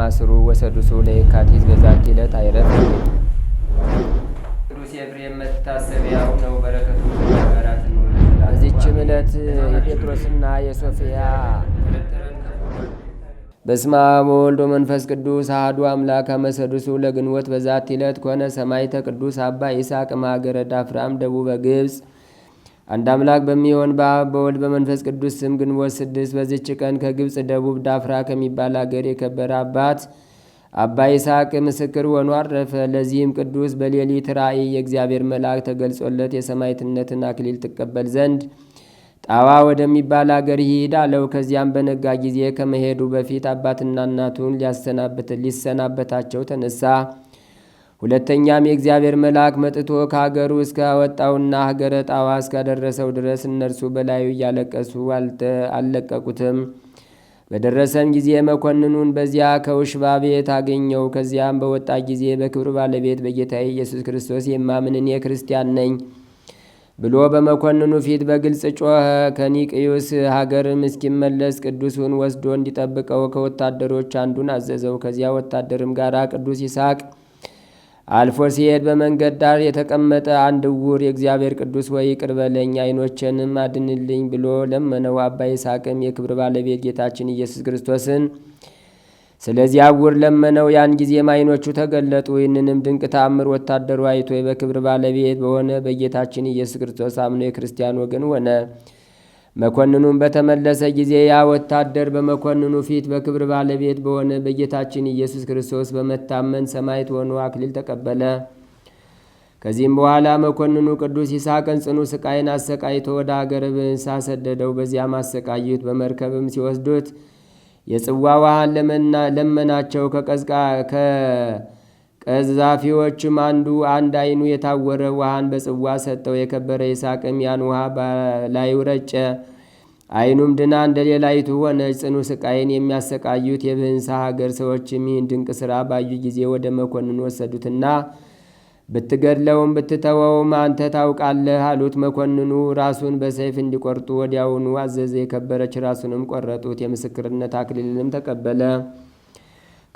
ማስሩ ወሰዱሱ ለየካቲት በዛቲ ዕለት አይረፍ ቅዱስ ኤፍሬም መታሰቢያው ነው። በረከቱ በዚችም ዕለት የጴጥሮስና የሶፊያ በስመ አብ ወወልድ ወመንፈስ ቅዱስ አሐዱ አምላክ። አመሰዱሱ ለግንቦት በዛቲ ዕለት ኮነ ሰማዕተ ቅዱስ አባ ይስሐቅ እምሀገረ ዳፍራም ደቡበ ግብጽ አንድ አምላክ በሚሆን በአብ በወልድ በመንፈስ ቅዱስ ስም ግንቦት ስድስት በዚች ቀን ከግብፅ ደቡብ ዳፍራ ከሚባል አገር የከበረ አባት አባ ይስሐቅ ምስክር ሆኖ አረፈ። ለዚህም ቅዱስ በሌሊት ራእይ የእግዚአብሔር መልአክ ተገልጾለት የሰማዕትነትን አክሊል ትቀበል ዘንድ ጣዋ ወደሚባል አገር ይሂድ አለው። ከዚያም በነጋ ጊዜ ከመሄዱ በፊት አባትና እናቱን ሊያሰናብት ሊሰናበታቸው ተነሳ። ሁለተኛም የእግዚአብሔር መልአክ መጥቶ ከሀገሩ እስካወጣውና ሀገረ ጣዋ እስካደረሰው ድረስ እነርሱ በላዩ እያለቀሱ አልለቀቁትም። በደረሰም ጊዜ መኮንኑን በዚያ ከውሽባ ቤት አገኘው። ከዚያም በወጣ ጊዜ በክብር ባለቤት በጌታ ኢየሱስ ክርስቶስ የማምን እኔ ክርስቲያን ነኝ ብሎ በመኮንኑ ፊት በግልጽ ጮኸ። ከኒቅዩስ ሀገርም እስኪመለስ ቅዱሱን ወስዶ እንዲጠብቀው ከወታደሮች አንዱን አዘዘው። ከዚያ ወታደርም ጋር ቅዱስ ይስሐቅ አልፎ ሲሄድ በመንገድ ዳር የተቀመጠ አንድ ዕውር የእግዚአብሔር ቅዱስ ወይ ይቅር በለኝ ዓይኖቼንም አድንልኝ ብሎ ለመነው። አባ ይስሐቅም የክብር ባለቤት ጌታችን ኢየሱስ ክርስቶስን ስለዚህ ዕውር ለመነው። ያን ጊዜም ዓይኖቹ ተገለጡ። ይህንንም ድንቅ ተአምር ወታደሩ አይቶ በክብር ባለቤት በሆነ በጌታችን ኢየሱስ ክርስቶስ አምኖ የክርስቲያን ወገን ሆነ። መኮንኑም በተመለሰ ጊዜ ያ ወታደር በመኮንኑ ፊት በክብር ባለቤት በሆነ በጌታችን ኢየሱስ ክርስቶስ በመታመን ሰማዕት ሆኖ አክሊል ተቀበለ። ከዚህም በኋላ መኮንኑ ቅዱስ ይስሐቅን ጽኑ ስቃይን አሰቃይቶ ወደ አገረ ብንሳ ሰደደው። በዚያም አሰቃዩት። በመርከብም ሲወስዱት የጽዋ ውሃን ለመናቸው ከቀዝቃ ቀዛፊዎችም አንዱ አንድ አይኑ የታወረ ውሃን በጽዋ ሰጠው። የከበረ ይስሐቅም ያን ውሃ ላይ ረጨ። አይኑም ድና እንደ ሌላይቱ ሆነች። ጽኑ ስቃይን የሚያሰቃዩት የብህንሳ ሀገር ሰዎችም ይህን ድንቅ ሥራ ባዩ ጊዜ ወደ መኮንን ወሰዱትና ብትገድለውም ብትተወውም አንተ ታውቃለህ አሉት። መኮንኑ ራሱን በሰይፍ እንዲቆርጡ ወዲያውኑ አዘዘ። የከበረች ራሱንም ቆረጡት። የምስክርነት አክሊልንም ተቀበለ።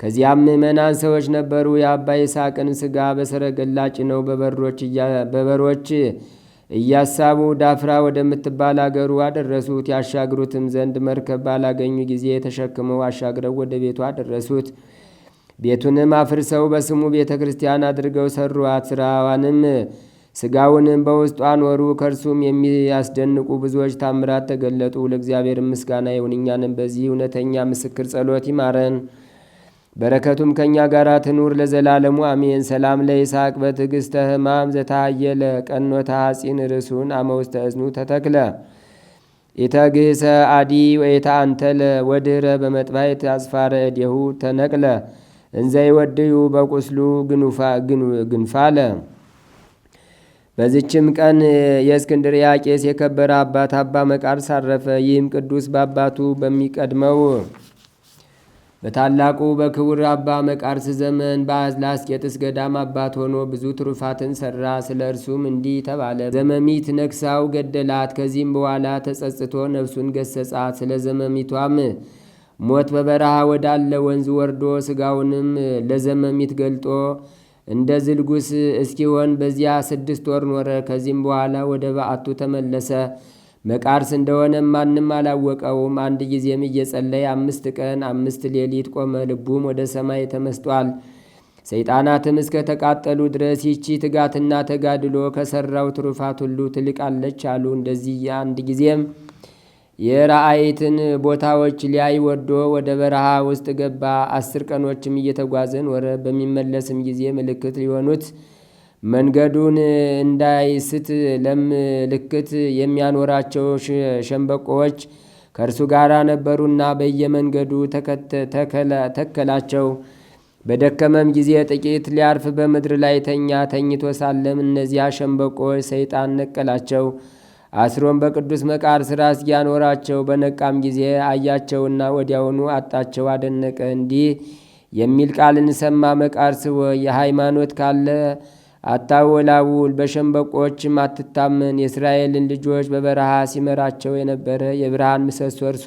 ከዚያም ምእመናን ሰዎች ነበሩ። የአባ ይስሐቅን ሥጋ በሰረገላ ጭነው በበሮች እያሳቡ ዳፍራ ወደምትባል አገሩ አደረሱት። ያሻግሩትም ዘንድ መርከብ ባላገኙ ጊዜ ተሸክመው አሻግረው ወደ ቤቱ አደረሱት። ቤቱንም አፍርሰው በስሙ ቤተ ክርስቲያን አድርገው ሰሯት። ስራዋንም ስጋውንም በውስጧ አኖሩ ከእርሱም የሚያስደንቁ ብዙዎች ታምራት ተገለጡ። ለእግዚአብሔር ምስጋና ይሁን፣ እኛንም በዚህ እውነተኛ ምስክር ጸሎት ይማረን። በረከቱም ከእኛ ጋር ትኑር ለዘላለሙ አሜን። ሰላም ለይስሐቅ በትዕግሥተ ሕማም ዘታየለ ቀኖታ ሐጺን ርሱን አመውስተ እዝኑ ተተክለ ኢተግሰ አዲ ወይታ አንተለ ወድረ በመጥባይ ታጽፋረ እዴሁ ተነቅለ ወድዩ በቁስሉ ግንፋለ። በዚችም ቀን የእስክንድርያ ቄስ የከበረ አባት አባ መቃርስ አረፈ። ይህም ቅዱስ በአባቱ በሚቀድመው በታላቁ በክቡር አባ መቃርስ ዘመን በአዝላስቄጥስ ገዳም አባት ሆኖ ብዙ ትሩፋትን ሰራ። ስለ እርሱም እንዲህ ተባለ። ዘመሚት ነክሳው ገደላት። ከዚህም በኋላ ተጸጽቶ ነፍሱን ገሰጻት። ስለ ዘመሚቷም ሞት በበረሃ ወዳለ ወንዝ ወርዶ ስጋውንም ለዘመሚት ገልጦ እንደ ዝልጉስ እስኪሆን በዚያ ስድስት ወር ኖረ። ከዚህም በኋላ ወደ በዓቱ ተመለሰ። መቃርስ እንደሆነ ማንም አላወቀውም። አንድ ጊዜም እየጸለየ አምስት ቀን አምስት ሌሊት ቆመ። ልቡም ወደ ሰማይ ተመስጧል። ሰይጣናትም እስከ ተቃጠሉ ድረስ ይቺ ትጋትና ተጋድሎ ከሠራው ትሩፋት ሁሉ ትልቃለች አሉ። እንደዚህ አንድ ጊዜም የራአይትን ቦታዎች ሊያይ ወዶ ወደ በረሃ ውስጥ ገባ። አስር ቀኖችም እየተጓዘን ወረ በሚመለስም ጊዜ ምልክት ሊሆኑት መንገዱን እንዳይስት ለምልክት የሚያኖራቸው ሸንበቆዎች ከእርሱ ጋር ነበሩና በየመንገዱ ተከላቸው። በደከመም ጊዜ ጥቂት ሊያርፍ በምድር ላይ ተኛ። ተኝቶ ሳለም እነዚያ ሸንበቆዎች ሰይጣን ነቀላቸው፣ አስሮም በቅዱስ መቃር ስራ እስኪያኖራቸው። በነቃም ጊዜ አያቸውና ወዲያውኑ አጣቸው፣ አደነቀ። እንዲህ የሚል ቃልን ሰማ። መቃርስ የሃይማኖት ካለ አታወላውል፣ በሸንበቆችም አትታመን። የእስራኤልን ልጆች በበረሃ ሲመራቸው የነበረ የብርሃን ምሰሶ እርሱ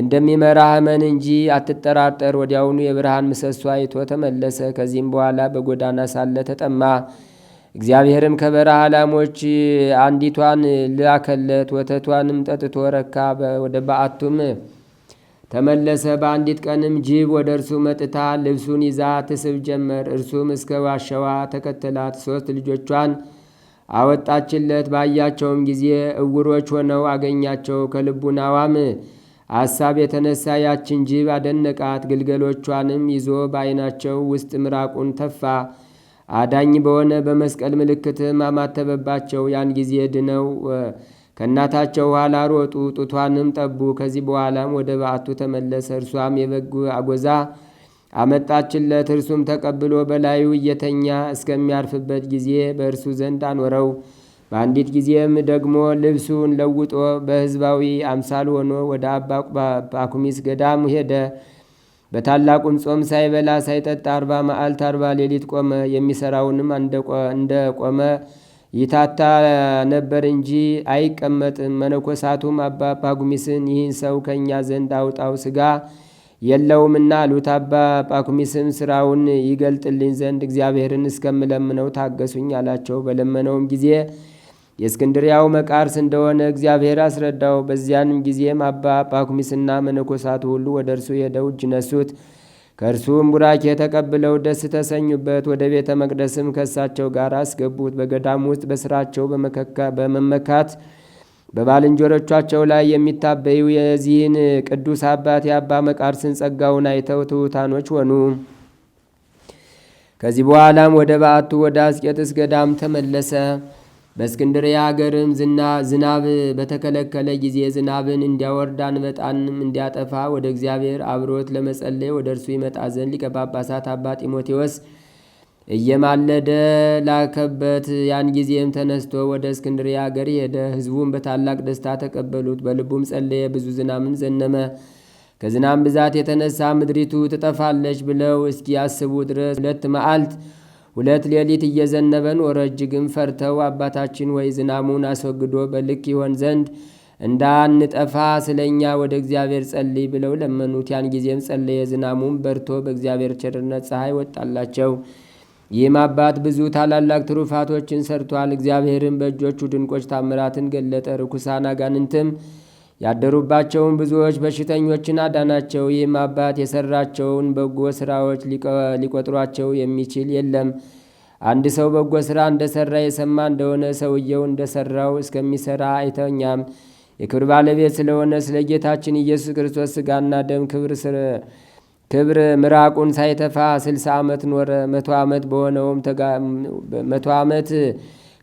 እንደሚመራህ እመን እንጂ አትጠራጠር። ወዲያውኑ የብርሃን ምሰሶ አይቶ ተመለሰ። ከዚህም በኋላ በጎዳና ሳለ ተጠማ። እግዚአብሔርም ከበረሃ ላሞች አንዲቷን ላከለት፣ ወተቷንም ጠጥቶ ረካ። ወደ በዓቱም ተመለሰ። በአንዲት ቀንም ጅብ ወደ እርሱ መጥታ ልብሱን ይዛ ትስብ ጀመር። እርሱም እስከ ዋሻዋ ተከተላት። ሦስት ልጆቿን አወጣችለት። ባያቸውም ጊዜ እውሮች ሆነው አገኛቸው። ከልቡናዋም አሳብ የተነሳ ያችን ጅብ አደነቃት። ግልገሎቿንም ይዞ በዓይናቸው ውስጥ ምራቁን ተፋ። አዳኝ በሆነ በመስቀል ምልክትም አማተበባቸው። ያን ጊዜ ድነው ከእናታቸው ኋላ ሮጡ፣ ጡቷንም ጠቡ። ከዚህ በኋላም ወደ በዓቱ ተመለሰ። እርሷም የበግ አጎዛ አመጣችለት። እርሱም ተቀብሎ በላዩ እየተኛ እስከሚያርፍበት ጊዜ በእርሱ ዘንድ አኖረው። በአንዲት ጊዜም ደግሞ ልብሱን ለውጦ በሕዝባዊ አምሳል ሆኖ ወደ አባ ጳኩሚስ ገዳም ሄደ። በታላቁም ጾም ሳይበላ ሳይጠጣ አርባ መዓልት አርባ ሌሊት ቆመ። የሚሰራውንም እንደቆመ ይታታ ነበር እንጂ አይቀመጥም። መነኮሳቱም አባ ጳኩሚስን ይህን ሰው ከእኛ ዘንድ አውጣው ስጋ የለውምና አሉት። አባ ጳኩሚስም ስራውን ይገልጥልኝ ዘንድ እግዚአብሔርን እስከምለምነው ታገሱኝ አላቸው። በለመነውም ጊዜ የእስክንድሪያው መቃርስ እንደሆነ እግዚአብሔር አስረዳው። በዚያንም ጊዜም አባ ጳኩሚስና መነኮሳቱ ሁሉ ወደ እርሱ ሄደው እጅ ነሱት። ከእርሱም ቡራኬ ተቀብለው ደስ ተሰኙበት። ወደ ቤተ መቅደስም ከእሳቸው ጋር አስገቡት። በገዳም ውስጥ በስራቸው በመመካት በባልንጀሮቻቸው ላይ የሚታበዩ የዚህን ቅዱስ አባት የአባ መቃርስን ጸጋውን አይተው ትሑታኖች ሆኑ። ከዚህ በኋላም ወደ በዓቱ ወደ አስቄጥስ ገዳም ተመለሰ። በእስክንድርያ አገርም ዝናብ በተከለከለ ጊዜ ዝናብን እንዲያወርድ አንበጣንም እንዲያጠፋ ወደ እግዚአብሔር አብሮት ለመጸለይ ወደ እርሱ ይመጣ ዘንድ ሊቀ ጳጳሳት አባ ጢሞቴዎስ እየማለደ ላከበት። ያን ጊዜም ተነስቶ ወደ እስክንድርያ አገር ሄደ። ሕዝቡም በታላቅ ደስታ ተቀበሉት። በልቡም ጸለየ፣ ብዙ ዝናብን ዘነመ። ከዝናም ብዛት የተነሳ ምድሪቱ ትጠፋለች ብለው እስኪያስቡ ድረስ ሁለት መዓልት ሁለት ሌሊት እየዘነበ ኖረ። እጅግም ፈርተው አባታችን ወይ ዝናሙን አስወግዶ በልክ ይሆን ዘንድ እንዳንጠፋ ስለ እኛ ወደ እግዚአብሔር ጸልይ ብለው ለመኑት። ያን ጊዜም ጸለየ። ዝናሙም በርቶ በእግዚአብሔር ቸርነት ፀሐይ ወጣላቸው። ይህም አባት ብዙ ታላላቅ ትሩፋቶችን ሰርቷል። እግዚአብሔርን በእጆቹ ድንቆች ታምራትን ገለጠ። ርኩሳን አጋንንትም ያደሩባቸውን ብዙዎች በሽተኞችን አዳናቸው። ይህም አባት የሰራቸውን በጎ ስራዎች ሊቆጥሯቸው የሚችል የለም። አንድ ሰው በጎ ስራ እንደሰራ የሰማ እንደሆነ ሰውየው እንደሰራው እስከሚሰራ አይተኛም። የክብር ባለቤት ስለሆነ ስለ ጌታችን ኢየሱስ ክርስቶስ ስጋና ደም ክብር ምራቁን ሳይተፋ ስልሳ ዓመት ኖረ። መቶ ዓመት በሆነውም መቶ ዓመት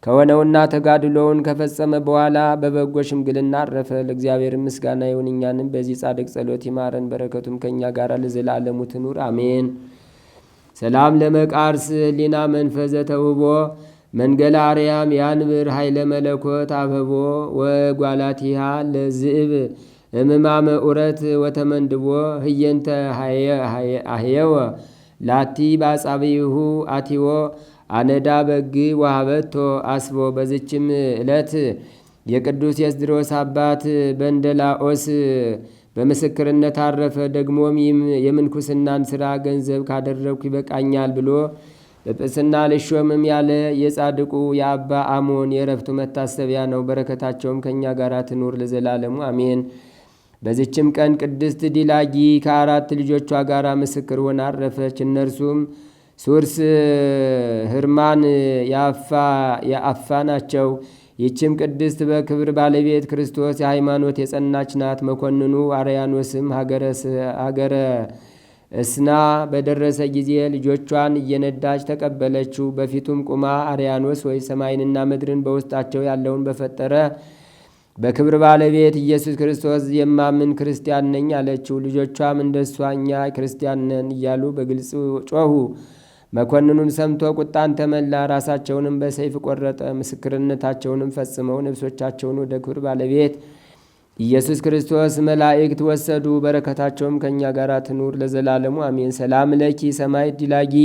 ከሆነውና ተጋድሎውን ከፈጸመ በኋላ በበጎ ሽምግልና አረፈ። ለእግዚአብሔር ምስጋና ይሁን፣ እኛንም በዚህ ጻድቅ ጸሎት ይማረን፣ በረከቱም ከእኛ ጋር ለዘላለሙ ትኑር አሜን። ሰላም ለመቃርስ ህሊና መንፈዘ ተውቦ መንገላ አርያም ያንብር ኃይለ መለኮት አበቦ ወጓላቲሃ ለዝእብ እምማመ ኡረት ወተመንድቦ ህየንተ አህየወ ላቲ ባጻቢሁ አቲዎ አነዳ በግ ዋሃበቶ አስቦ። በዝችም ዕለት የቅዱስ የስድሮስ አባት በንደላኦስ በምስክርነት አረፈ። ደግሞም የምንኩስናን ስራ ገንዘብ ካደረግኩ ይበቃኛል ብሎ ጵጵስና ልሾምም ያለ የጻድቁ የአባ አሞን የረፍቱ መታሰቢያ ነው። በረከታቸውም ከእኛ ጋር ትኑር ለዘላለሙ አሜን። በዚችም ቀን ቅድስት ዲላጊ ከአራት ልጆቿ ጋር ምስክር ሆና አረፈች። እነርሱም ሱርስ ህርማን የአፋ ናቸው። ይህችም ቅድስት በክብር ባለቤት ክርስቶስ የሃይማኖት የጸናች ናት። መኮንኑ አርያኖስም ሀገረ እስና በደረሰ ጊዜ ልጆቿን እየነዳች ተቀበለችው። በፊቱም ቁማ አርያኖስ ወይ ሰማይንና ምድርን በውስጣቸው ያለውን በፈጠረ በክብር ባለቤት ኢየሱስ ክርስቶስ የማምን ክርስቲያን ነኝ አለችው። ልጆቿም እንደሷ እኛ ክርስቲያን ነን እያሉ በግልጽ ጮኹ። መኮንኑን ሰምቶ ቁጣን ተመላ፣ ራሳቸውንም በሰይፍ ቆረጠ። ምስክርነታቸውንም ፈጽመው ነፍሶቻቸውን ወደ ክብር ባለቤት ኢየሱስ ክርስቶስ መላእክት ወሰዱ። በረከታቸውም ከእኛ ጋር ትኑር ለዘላለሙ አሜን። ሰላም ለኪ ሰማይ ዲላጊ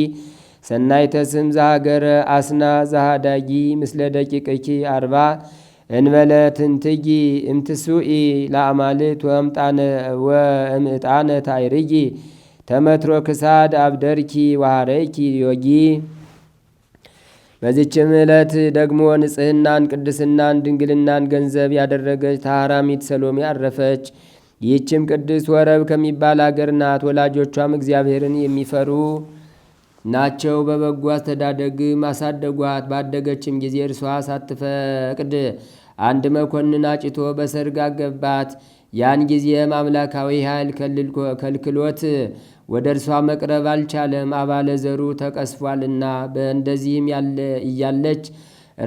ሰናይተ ስም ዘሀገረ አስና ዘሃዳጊ ምስለ ደቂቅኪ አርባ እንበለ ትንትጊ እምትሱኢ ለአማልት ወእምእጣነ ታይርጊ ተመትሮ ክሳድ አብደርኪ ዋሃረኪ ዮጊ። በዚችም ዕለት ደግሞ ንጽህናን፣ ቅድስናን፣ ድንግልናን ገንዘብ ያደረገች ታህራሚት ሰሎሜ አረፈች። ይህችም ቅድስት ወረብ ከሚባል አገር ናት። ወላጆቿም እግዚአብሔርን የሚፈሩ ናቸው። በበጎ አስተዳደግም አሳደጓት። ባደገችም ጊዜ እርሷ ሳትፈቅድ አንድ መኮንን አጭቶ በሰርግ አገባት። ያን ጊዜም አምላካዊ ኃይል ከልክሎት ወደ እርሷ መቅረብ አልቻለም፣ አባለ ዘሩ ተቀስፏልና። በእንደዚህም እያለች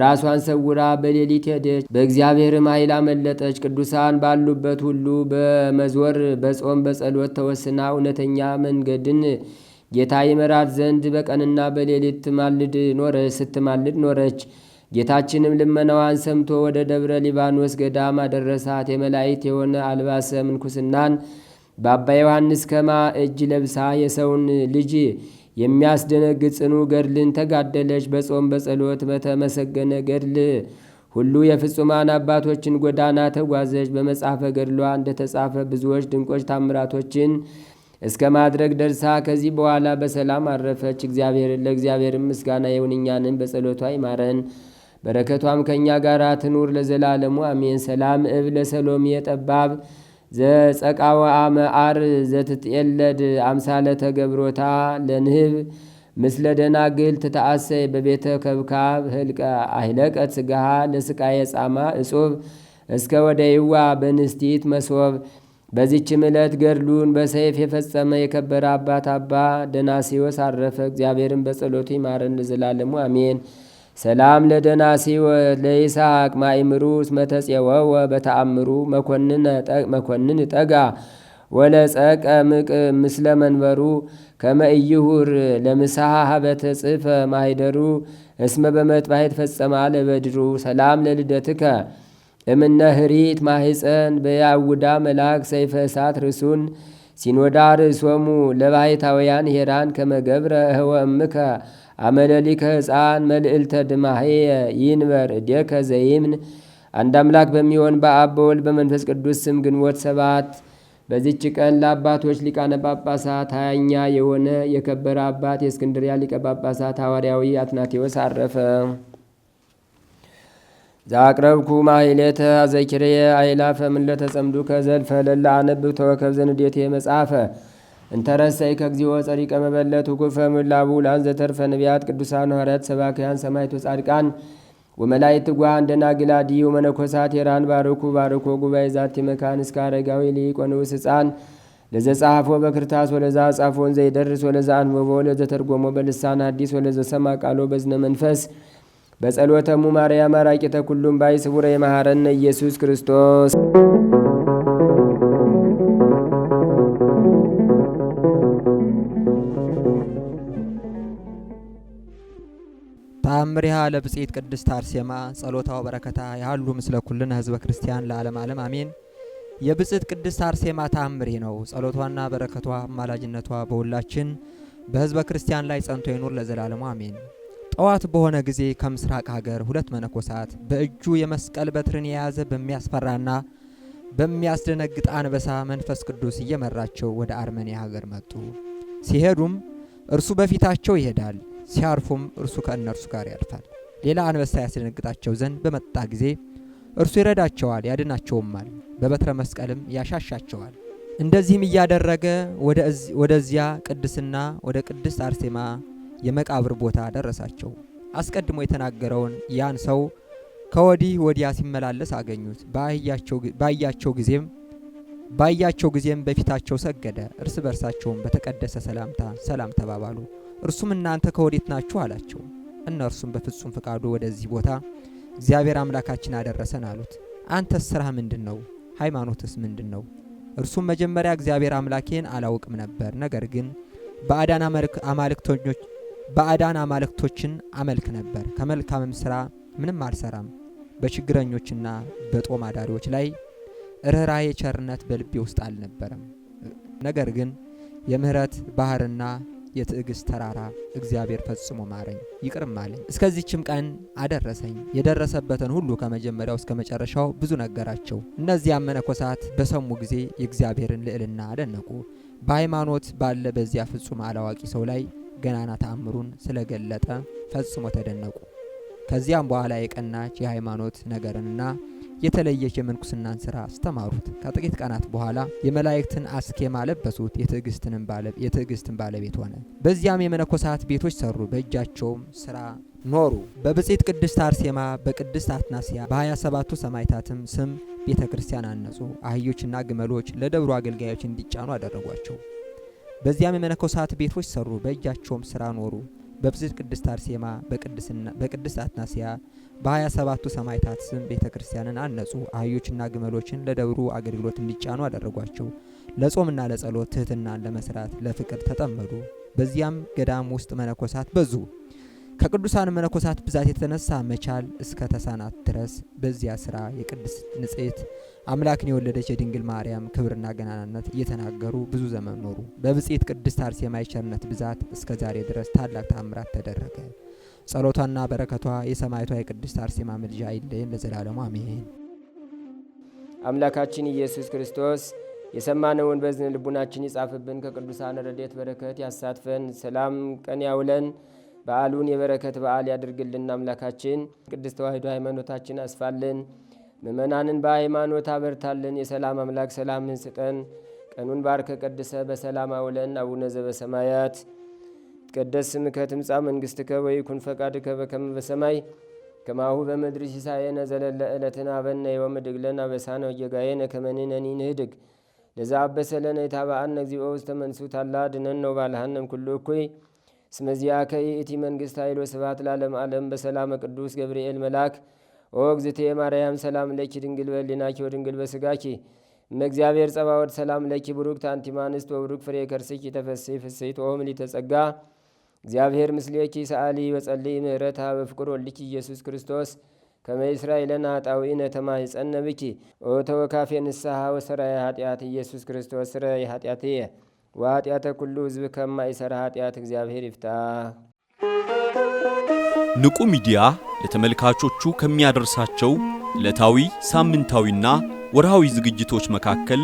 ራሷን ሰውራ በሌሊት ሄደች፣ በእግዚአብሔርም ኃይል አመለጠች። ቅዱሳን ባሉበት ሁሉ በመዞር በጾም በጸሎት ተወስና እውነተኛ መንገድን ጌታ ይመራት ዘንድ በቀንና በሌሊት ትማልድ ኖረ ስትማልድ ኖረች። ጌታችንም ልመናዋን ሰምቶ ወደ ደብረ ሊባኖስ ገዳም አደረሳት። የመላእክት የሆነ አልባሰ ምንኩስናን በአባ ዮሐንስ ከማ እጅ ለብሳ የሰውን ልጅ የሚያስደነግጥ ጽኑ ገድልን ተጋደለች። በጾም በጸሎት በተመሰገነ ገድል ሁሉ የፍጹማን አባቶችን ጎዳና ተጓዘች። በመጽሐፈ ገድሏ እንደተጻፈ ብዙዎች ድንቆች ታምራቶችን እስከ ማድረግ ደርሳ ከዚህ በኋላ በሰላም አረፈች። እግዚአብሔር ለእግዚአብሔር ምስጋና ይሁን፣ እኛንም በጸሎቷ ይማረን፣ በረከቷም ከእኛ ጋር ትኑር ለዘላለሙ አሜን። ሰላም እብ ለሰሎሜ ጠባብ ዘጸቃወአ መዓር ዘትትኤለድ አምሳለ ተገብሮታ ለንህብ ምስለ ደናግል ትተአሰይ በቤተ ከብካብ ህልቀ አህለቀት ስጋሃ ለስቃየ ጻማ እጹብ እስከ ወደይዋ በንስቲት መሶብ። በዚችም ዕለት ገድሉን በሰይፍ የፈጸመ የከበረ አባት አባ ደናሲዮስ አረፈ። እግዚአብሔርን በጸሎቱ ይማረን ዘላለሙ አሜን። ሰላም ለደናሲ ለይስሐቅ ማይምሩስ መተጼወወ በተአምሩ መኮንን ጠጋ ጸቀ ምቅ ምስለ መንበሩ ከመእይሁር ለምሳሐ ሀበተ ጽፈ ማይደሩ እስመ በመጥባሄት ፈጸማ ለበድሩ ሰላም ለልደትከ እምነ ህሪት ማህፀን በያውዳ መልአክ ሰይፈ እሳት ርሱን ሲኖዳ ርእሶሙ ለባይታውያን ሄራን ከመገብረ እህወ እምከ አመለሊከ ሕፃን መልእልተ ድማሄየ ይንበር እዴከ ዘይምን አንድ አምላክ በሚሆን በአብ በወልድ በመንፈስ ቅዱስ ስም ግንቦት ሰባት በዚች ቀን ለአባቶች ሊቃነ ጳጳሳት ሀያኛ የሆነ የከበረ አባት የእስክንድሪያ ሊቀ ጳጳሳት ሐዋርያዊ አትናቴዎስ አረፈ። ዛቅረብኩ ማይሌተ አዘኪሬ አይላፈ ምለተጸምዱከ ዘልፈ ለላ አነብብ ተወከብ ዘንዴቴ መጽሐፈ እንተረሰይ ከእግዚኦ ጸሪቀ መበለት ውኩፈ ምላቡ ላን ዘተርፈ ነቢያት ቅዱሳን ሐዋርያት ሰባክያን ሰማዕት ወጻድቃን ወመላእክት ጓን ደናግላዲ ወመነኮሳት የራን ባርኩ ባርኮ ጉባኤ ዛቲ መካን እስከ አረጋዊ ሊቅ ወንዑስ ሕፃን ለዘ ጻፎ በክርታስ ወለዛ ጻፎን ዘይደርስ ወለዛ አንበቦ ለዘ ተርጎሞ በልሳን አዲስ ወለዘ ሰማ ቃሎ በዝነ መንፈስ በጸሎተሙ ማርያም አራቂተ ኩሉም ባይ ስቡረ የመሐረነ ኢየሱስ ክርስቶስ ተአምሪሃ ለብጽኢት ቅድስት አርሴማ ጸሎታው በረከታ ያሉ ምስለ ኩልነ ህዝበ ክርስቲያን ለዓለም ዓለም አሜን። የብጽት ቅድስት አርሴማ ተአምሪ ነው። ጸሎቷና በረከቷ አማላጅነቷ በሁላችን በህዝበ ክርስቲያን ላይ ጸንቶ ይኑር ለዘላለሙ አሜን። ጠዋት በሆነ ጊዜ ከምስራቅ ሀገር ሁለት መነኮሳት በእጁ የመስቀል በትርን የያዘ በሚያስፈራና በሚያስደነግጥ አንበሳ መንፈስ ቅዱስ እየመራቸው ወደ አርመኔ ሀገር መጡ። ሲሄዱም እርሱ በፊታቸው ይሄዳል። ሲያርፉም እርሱ ከእነርሱ ጋር ያርፋል። ሌላ አንበሳ ያስደነግጣቸው ዘንድ በመጣ ጊዜ እርሱ ይረዳቸዋል፣ ያድናቸውማል፣ በበትረ መስቀልም ያሻሻቸዋል። እንደዚህም እያደረገ ወደዚያ ቅድስና ወደ ቅድስት አርሴማ የመቃብር ቦታ ደረሳቸው። አስቀድሞ የተናገረውን ያን ሰው ከወዲህ ወዲያ ሲመላለስ አገኙት። ባያቸው ጊዜም ባያቸው ጊዜም በፊታቸው ሰገደ። እርስ በርሳቸውም በተቀደሰ ሰላምታ ሰላም ተባባሉ። እርሱም እናንተ ከወዴት ናችሁ አላቸው። እነርሱም በፍጹም ፈቃዱ ወደዚህ ቦታ እግዚአብሔር አምላካችን አደረሰን አሉት። አንተስ ስራህ ምንድን ነው? ሃይማኖትስ ምንድን ነው? እርሱም መጀመሪያ እግዚአብሔር አምላኬን አላውቅም ነበር፣ ነገር ግን በአዳን አማልክቶችን አመልክ ነበር። ከመልካምም ስራ ምንም አልሰራም። በችግረኞችና በጦም አዳሪዎች ላይ ርኅራኄ ቸርነት በልቤ ውስጥ አልነበረም። ነገር ግን የምህረት ባህርና የትዕግሥት ተራራ እግዚአብሔር ፈጽሞ ማረኝ ይቅርም አለኝ። እስከዚችም ቀን አደረሰኝ። የደረሰበትን ሁሉ ከመጀመሪያው እስከ መጨረሻው ብዙ ነገራቸው። እነዚያም መነኮሳት በሰሙ ጊዜ የእግዚአብሔርን ልዕልና አደነቁ። በሃይማኖት ባለ በዚያ ፍጹም አላዋቂ ሰው ላይ ገናና ተአምሩን ስለገለጠ ፈጽሞ ተደነቁ። ከዚያም በኋላ የቀናች የሃይማኖት ነገርንና የተለየች የምንኩስናን ስራ አስተማሩት። ከጥቂት ቀናት በኋላ የመላእክትን አስኬማ ለበሱት፣ የትዕግስትን ባለቤት ሆነ። በዚያም የመነኮሳት ቤቶች ሰሩ፣ በእጃቸውም ስራ ኖሩ። በብጽት ቅድስት አርሴማ በቅድስት አትናስያ በሀያ ሰባቱ ሰማይታትም ስም ቤተ ክርስቲያን አነጹ። አህዮችና ግመሎች ለደብሩ አገልጋዮች እንዲጫኑ አደረጓቸው። በዚያም የመነኮሳት ቤቶች ሰሩ፣ በእጃቸውም ስራ ኖሩ። በብጽት ቅድስት አርሴማ በቅድስት አትናስያ በሀያ ሰባቱ ሰማይታት ስም ቤተ ክርስቲያንን አነጹ። አህዮችና ግመሎችን ለደብሩ አገልግሎት እንዲጫኑ አደረጓቸው። ለጾምና ለጸሎት ትህትናን ለመስራት ለፍቅር ተጠመዱ። በዚያም ገዳም ውስጥ መነኮሳት በዙ። ከቅዱሳን መነኮሳት ብዛት የተነሳ መቻል እስከ ተሳናት ድረስ በዚያ ስራ የቅድስት ንጽሕት አምላክን የወለደች የድንግል ማርያም ክብርና ገናናነት እየተናገሩ ብዙ ዘመን ኖሩ። በብጽሕት ቅድስት አርሴማ የቸርነት ብዛት እስከ ዛሬ ድረስ ታላቅ ታምራት ተደረገ። ጸሎቷና በረከቷ የሰማዕቷ የቅድስት አርሴማ ምልጃ አይለየን ለዘላለሙ አሜን። አምላካችን ኢየሱስ ክርስቶስ የሰማነውን በዝን ልቡናችን ይጻፍብን፣ ከቅዱሳን ረድኤት በረከት ያሳትፈን፣ ሰላም ቀን ያውለን፣ በዓሉን የበረከት በዓል ያድርግልን። አምላካችን ቅድስት ተዋሕዶ ሃይማኖታችን አስፋልን፣ ምእመናንን በሃይማኖት አበርታልን። የሰላም አምላክ ሰላምን ስጠን፣ ቀኑን ባርከ ቀድሰ በሰላም አውለን። አቡነ ዘበሰማያት ይትቀደስ ስምከ ትምጻእ መንግሥትከ ወይኩን ፈቃድከ በከመ በሰማይ ከማሁ በምድሪ ሲሳየነ ዘለለ ዕለትነ ሀበነ ዮም ወኅድግ ለነ አበሳነ ወጌጋየነ ከመ ንሕነኒ ንኅድግ ለዘአበሰ ለነ ኢታብአነ እግዚኦ ውስተ መንሱት አላ አድኅነነ ወባልሐነ እምኩሉ እኩይ እስመ ዚአከ ይእቲ መንግሥት ኃይል ወስብሐት ለዓለመ ዓለም በሰላመ ቅዱስ ገብርኤል መልአክ ኦ እግዝእትየ ማርያም ሰላም ለኪ ድንግል በሕሊናኪ ወድንግል በሥጋኪ እመእግዚአብሔር ጸባዖት ሰላም ለኪ ቡሩክት አንቲ እምአንስት ወቡሩክ ፍሬ ከርስኪ ተፈሥሒ ፍሥሕት ኦ ምልዕተ ጸጋ እግዚአብሔር ምስሌኪ ሰአሊ በጸልይ ምህረታ በፍቅር ወልኪ ኢየሱስ ክርስቶስ ከመ እስራኤለን አጣዊነ ተማይጸነ ኦቶ ኦ ተወካፌ ንስሐ ወሰራይ ኃጢአት ኢየሱስ ክርስቶስ ስረ ስረይ ኃጢአትየ ወኃጢአተ ኩሉ ህዝብ ከማ ይሰረ ኃጢአት እግዚአብሔር ይፍታ። ንቁ ሚዲያ ለተመልካቾቹ ከሚያደርሳቸው ዕለታዊ ሳምንታዊና ወርሃዊ ዝግጅቶች መካከል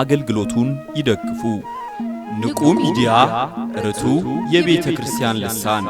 አገልግሎቱን ይደግፉ። ንቁ ሚዲያ ርቱ የቤተ ክርስቲያን ልሳን